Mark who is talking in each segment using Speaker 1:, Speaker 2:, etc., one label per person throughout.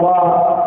Speaker 1: وَ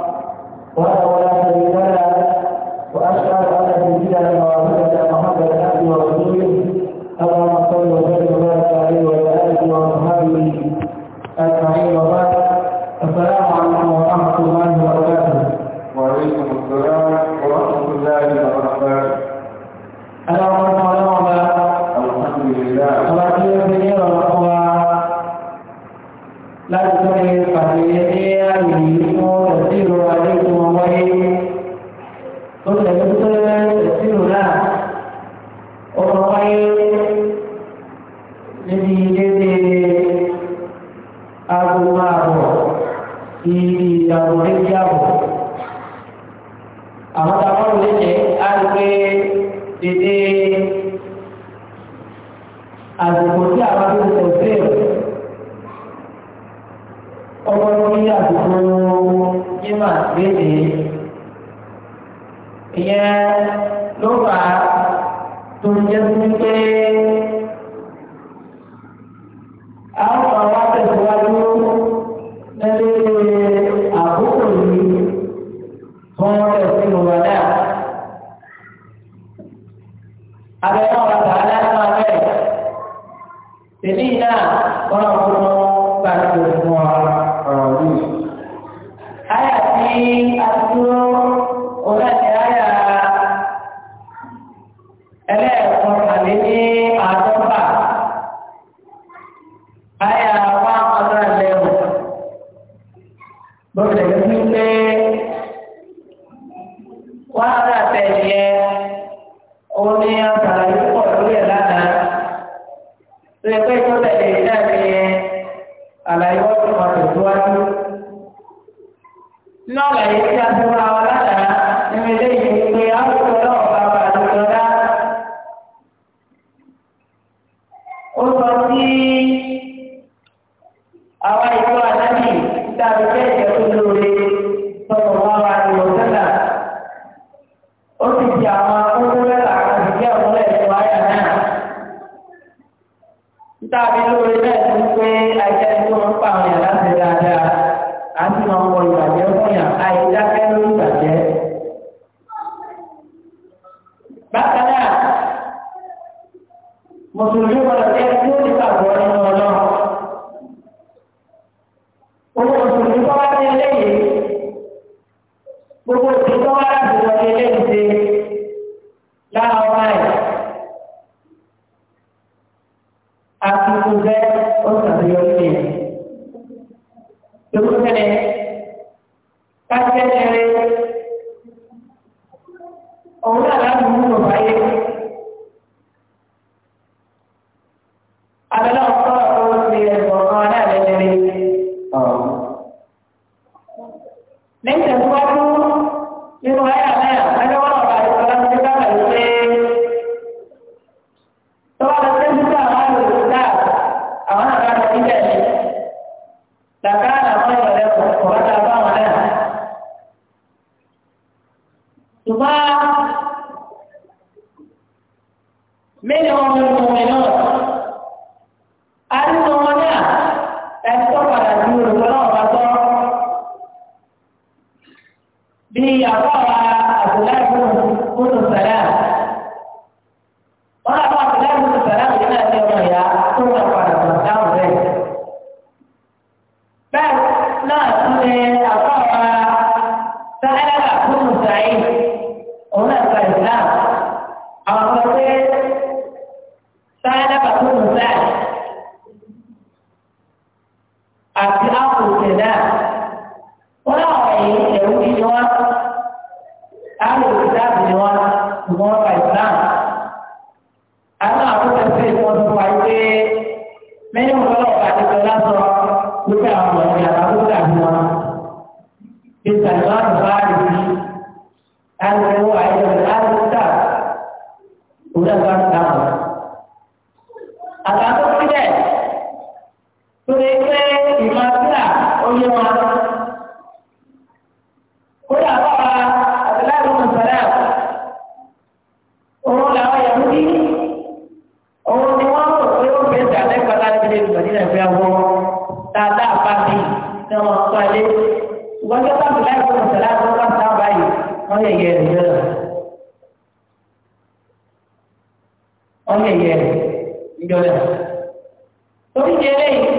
Speaker 1: Ayah, wang, ada, lewat. Boleh, kita wọ́n yẹ yẹ ẹ̀yẹ rẹ̀ wọ́n yẹ yẹ ẹ̀yẹ rẹ̀ níjọ́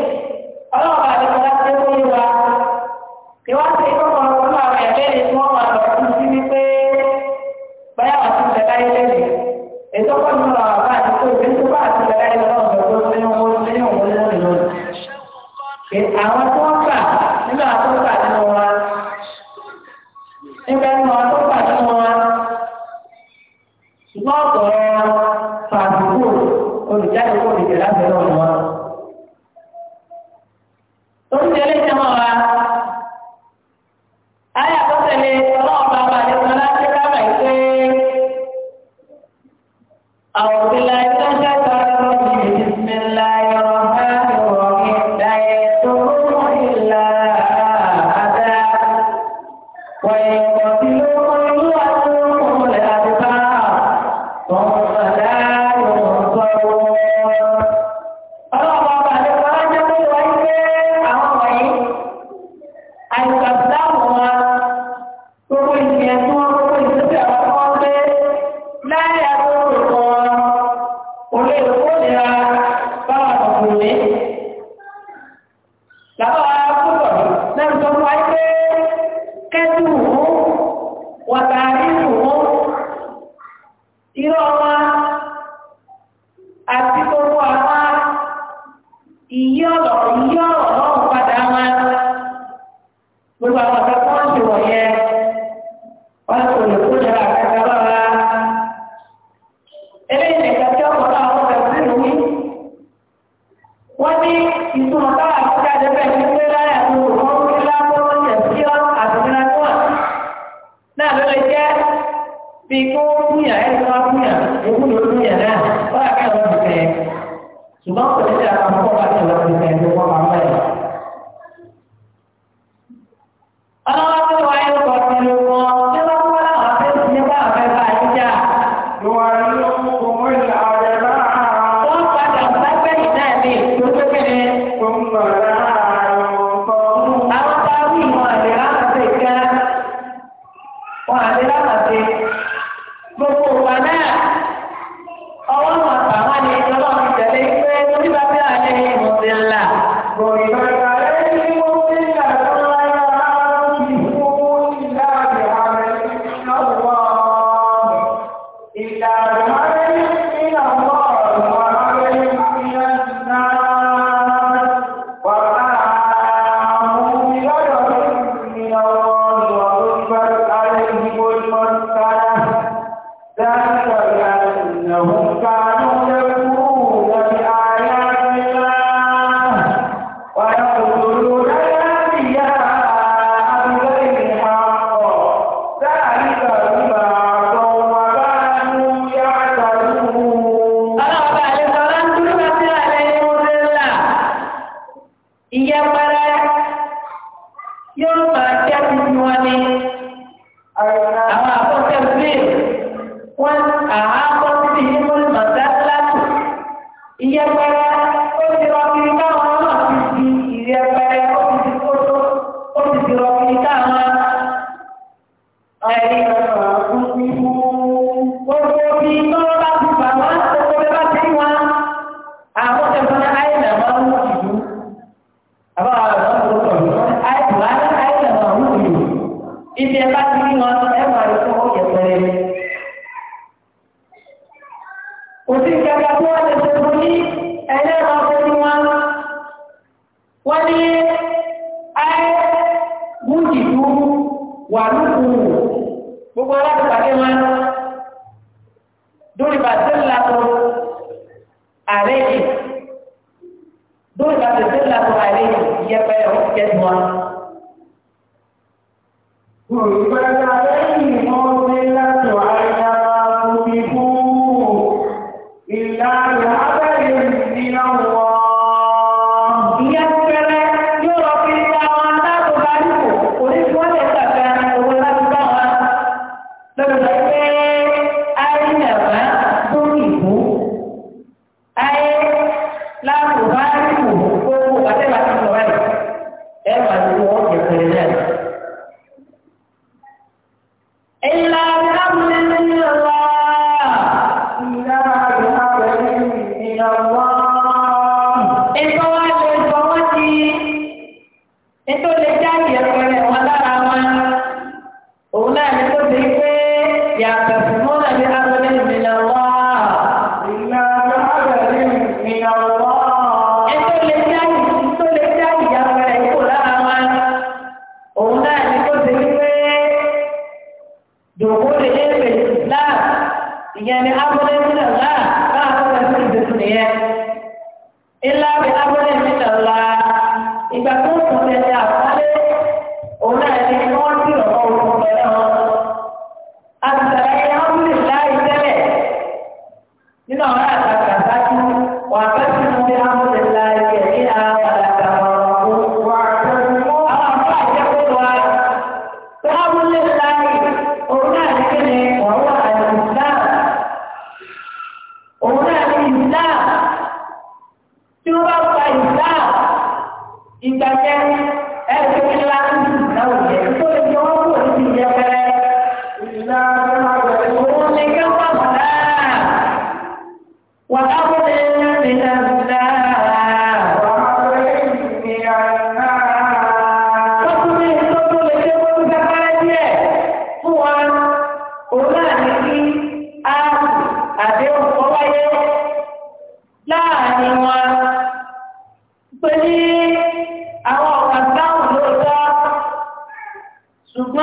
Speaker 1: yẹpẹrẹ yóò máa dẹ́kun wọn ni àwọn àkọsẹ́ bíi wọn àá. 主播。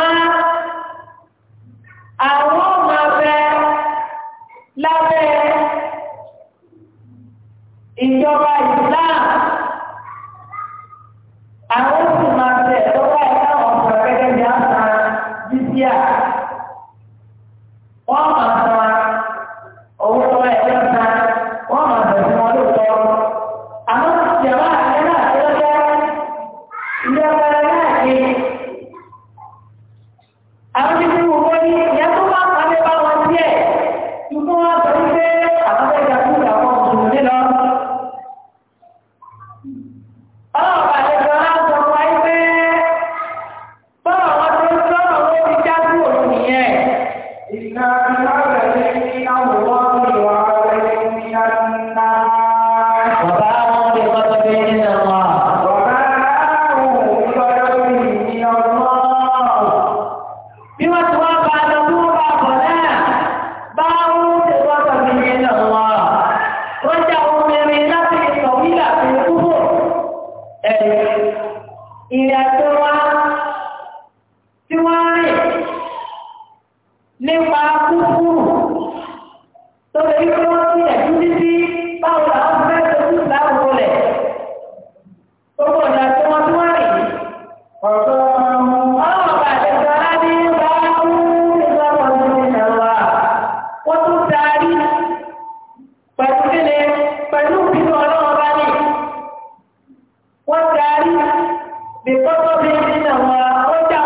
Speaker 1: wọ́n darí bí kọ́kọ́ bí nínú àwọn ọjà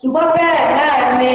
Speaker 1: ṣùgbọ́n bẹ́ẹ̀ náà ni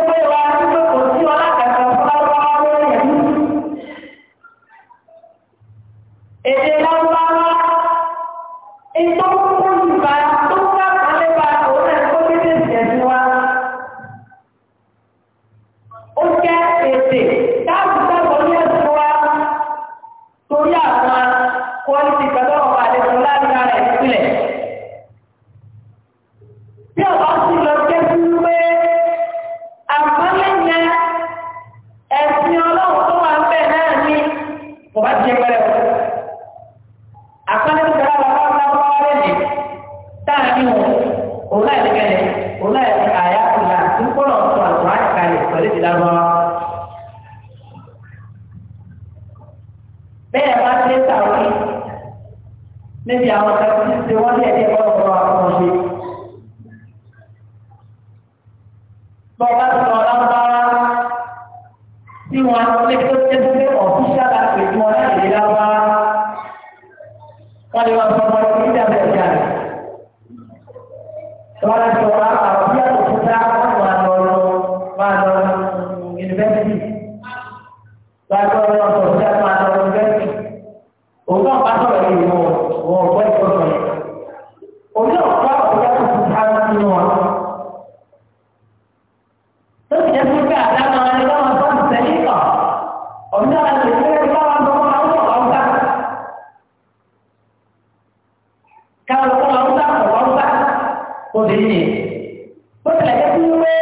Speaker 1: jẹ́ Kalau kau mau tak, kau mau tak, kau sini. Kau tidak ada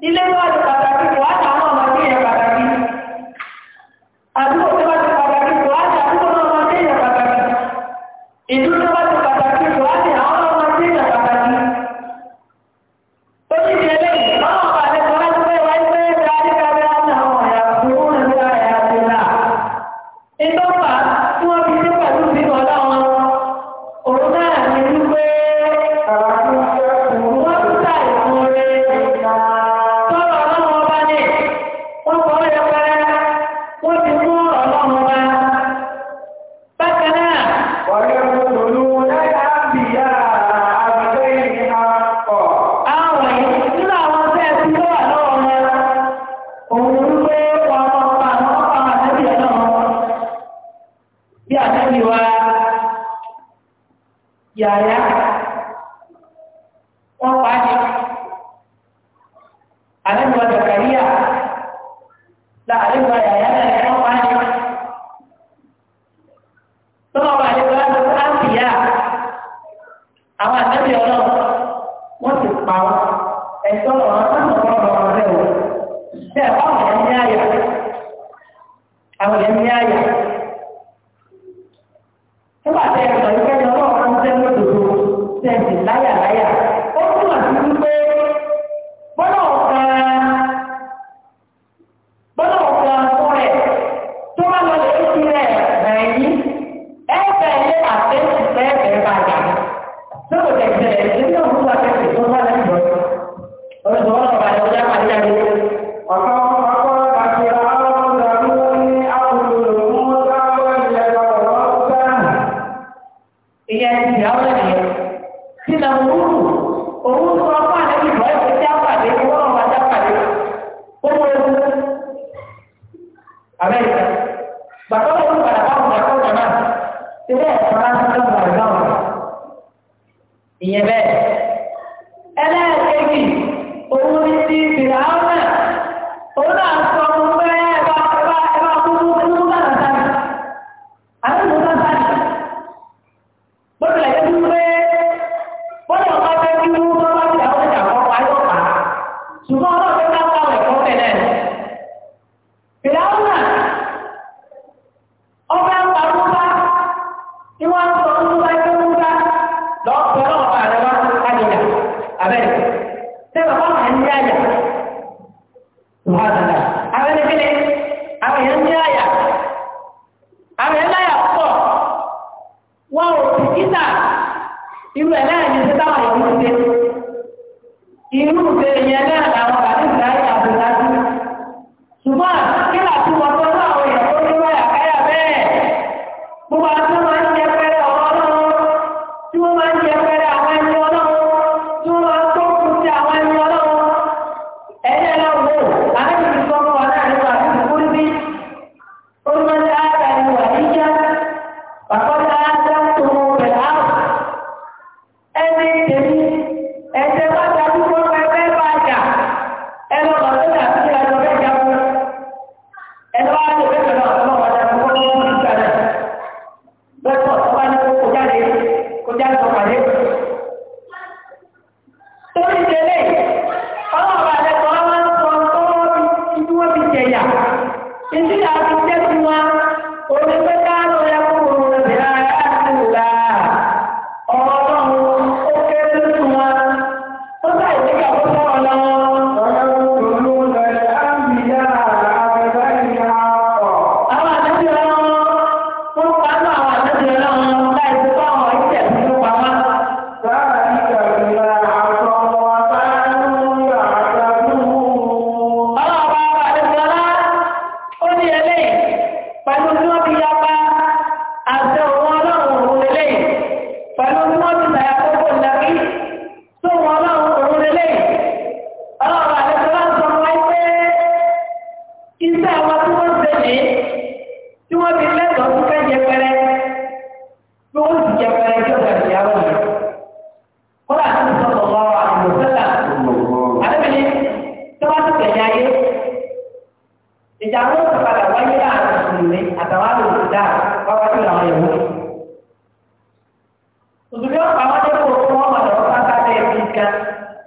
Speaker 1: Ilé wa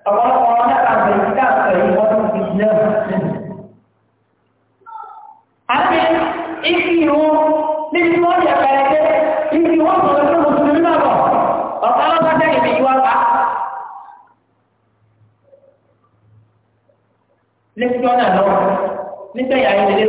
Speaker 1: ọ̀pọ̀lọpọ̀ ọ̀nà àgbẹ̀ káàkiri ọdún ìjìnlẹ̀ àti ìfi ìhun ní tí wọ́n yẹ pẹ̀lẹ́pẹ́ ìfi wọ́n sọ̀rọ̀ tó mùsùlùmí náà bọ̀ ọ̀pá wọn bá jẹ́ ìbí ìwà pa. lẹ́sìn ọ̀nà lọ nígbẹ̀yà ìdílé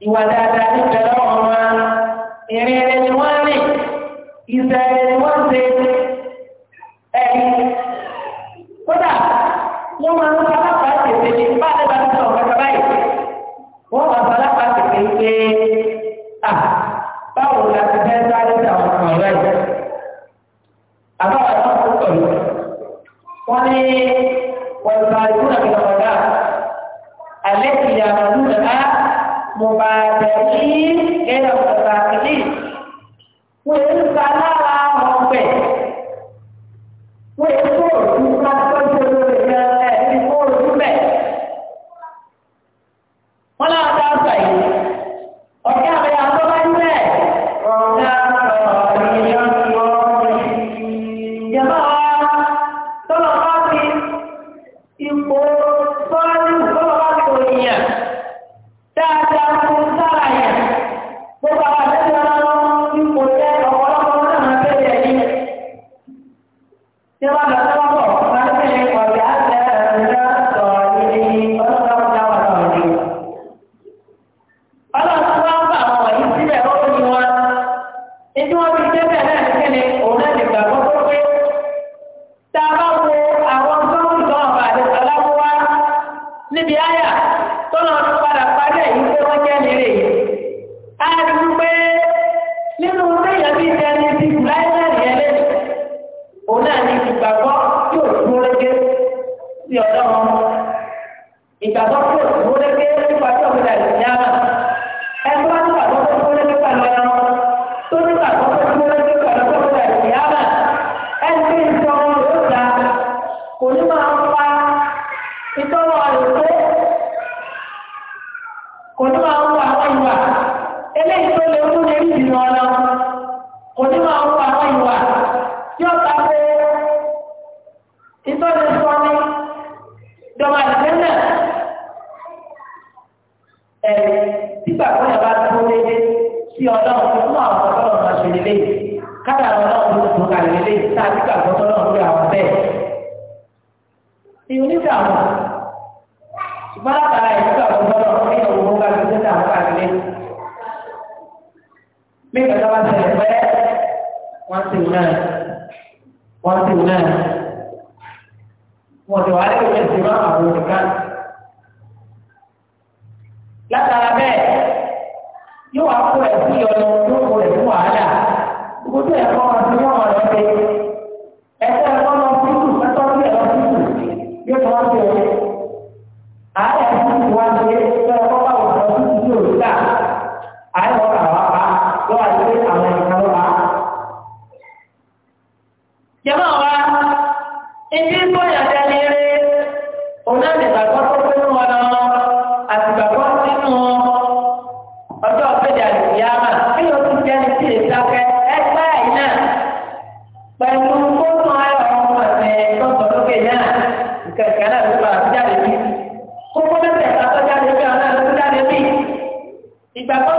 Speaker 1: igualdad Ikan bakul, boleh kira kepada orang lain. Jangan. kẹ̀kẹ́ náà ló fà á jáde bí
Speaker 2: kókó mẹ́tẹ̀ẹ̀ta tó jáde bí ọ̀nà ló jáde bí
Speaker 1: ìgbàgbọ́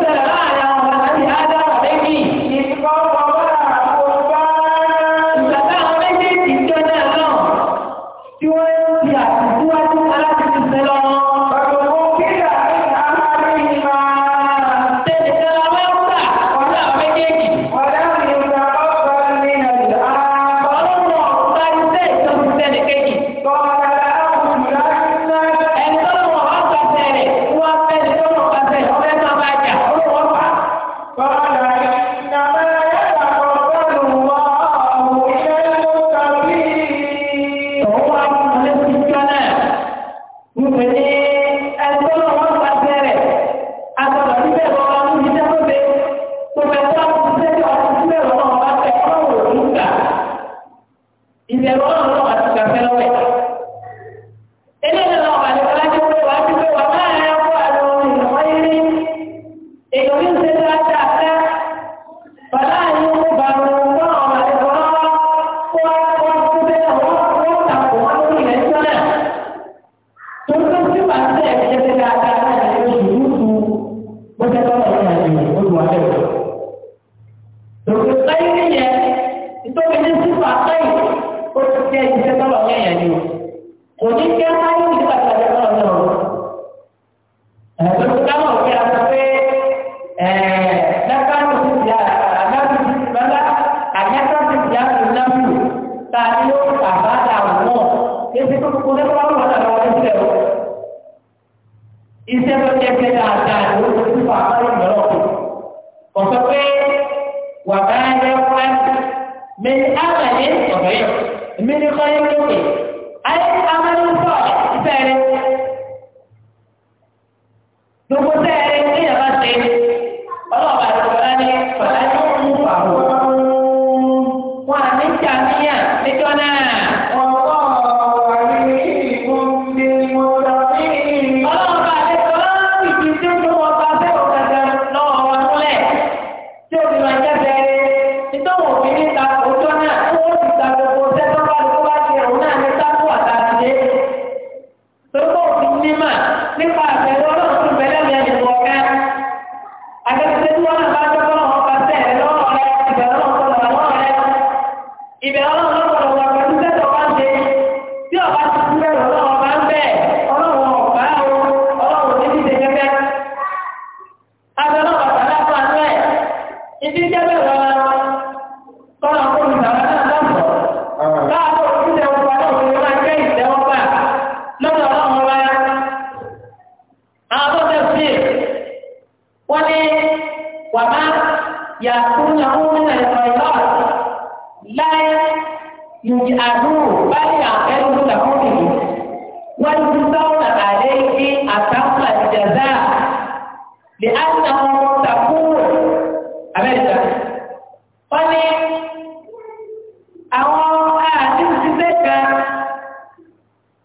Speaker 1: poderá iṣẹ́ tó jẹ́ pé dáadáa ló ń fojú fún àkọ́rọ̀ mìíràn kù. Kò sọ pé wà bá yẹ wá mi ní àgbàdé ọ̀rẹ́ mi ní kọ́ yẹ lókè. Ayé amẹ́lẹ́ ń sọ̀rọ̀ iṣẹ́ rẹ̀.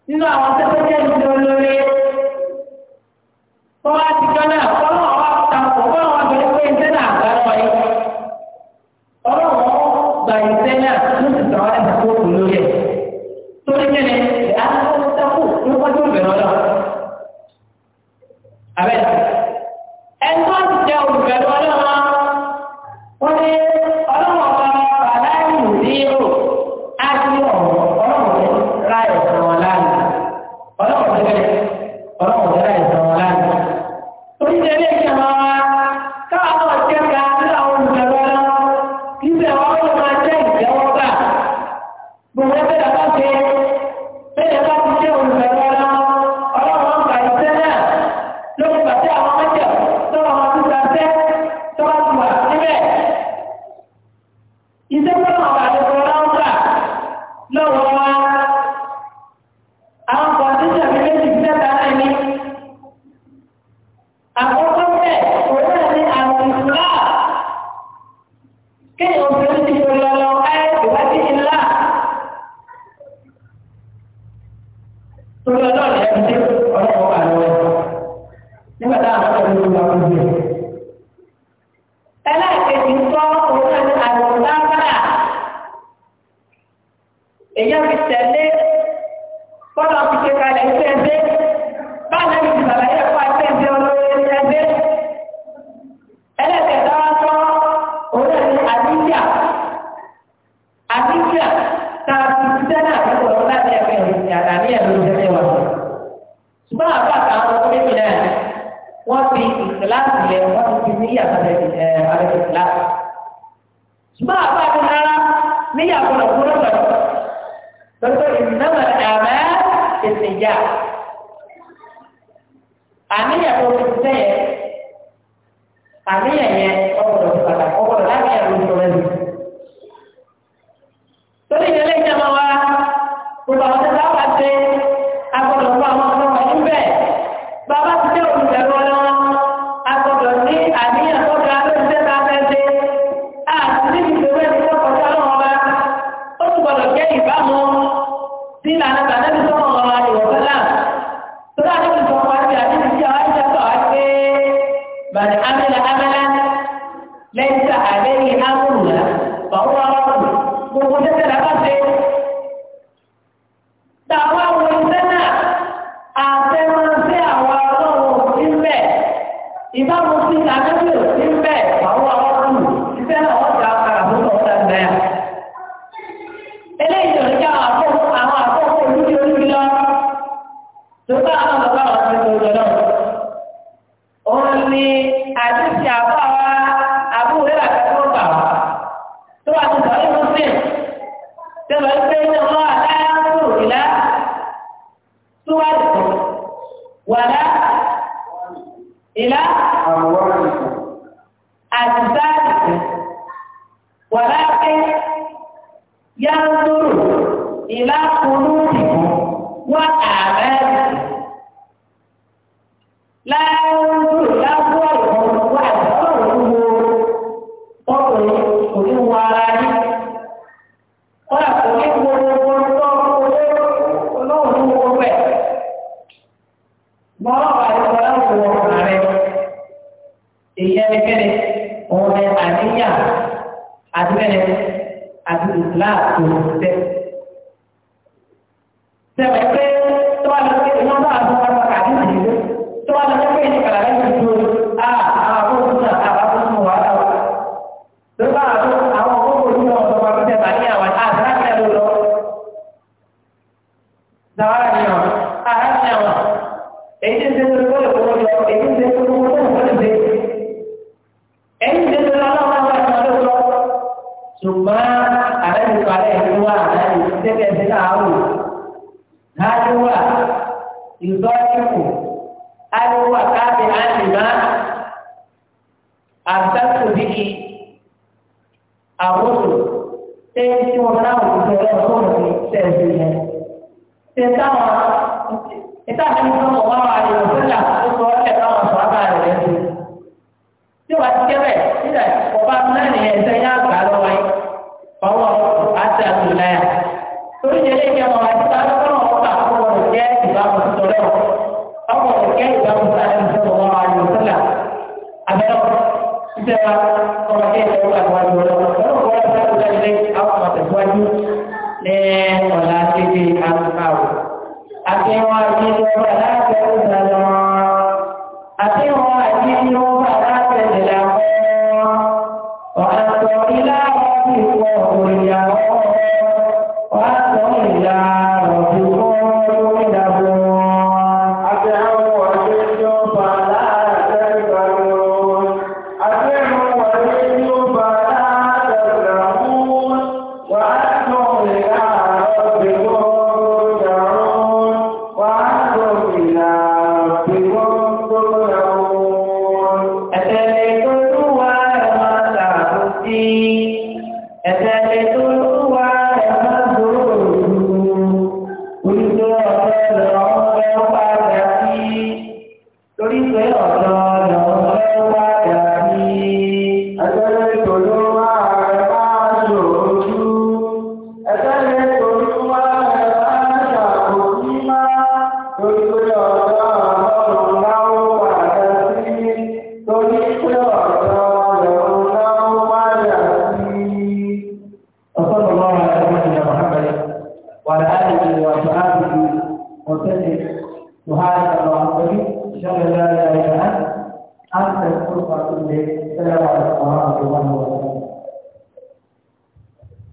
Speaker 1: nínú àwọn tẹ́lẹ̀ jẹ́ ìlú ilẹ̀ wọ́n ti fi níyàwó àrẹ ìsìlá. ṣùgbọ́n àbá àti rárá níyàwó rẹ̀ kúrò lọ́dọ̀ lọ́dọ̀ ìnáwó àmẹ́ ètò ìyá. àníyàwó ti sẹ́yẹ àníyàn yẹn إلى أموالكم ولكن ينظر إلى قلوب láàtò Gracias.